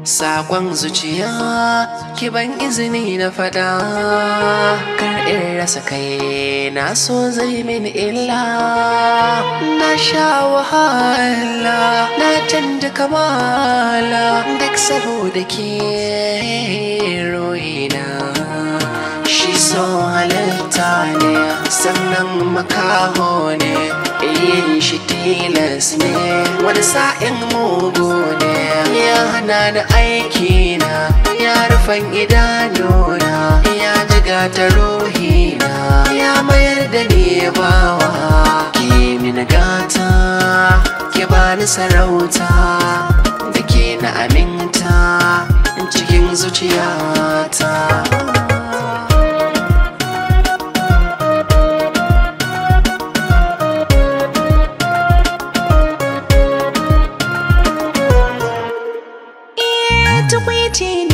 Sakon zuciya ki ban izini na fada kar in rasa kai na so zai min illa na sha wahala na canja kamala duk saboda ke roina shi so halitta ne sannan makaho ne yin shi tilas ne wani sa'in mugu ne ya hana ni aiki na ya rufan na ya jiga ta na. ya mayar da ni bawa ki min gata ki bani sarauta da ke na aminta cikin zuciyata chain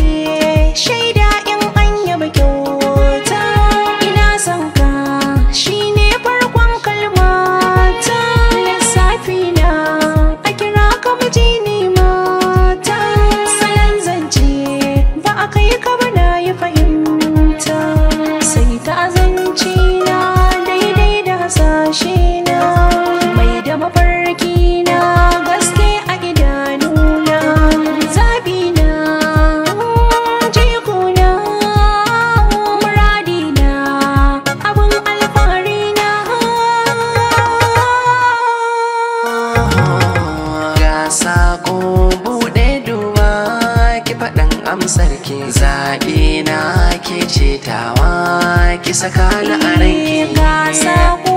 sako buɗe duba ki faɗan amsar ki zaɓi na ke cetawa, ki saka na a ranki sako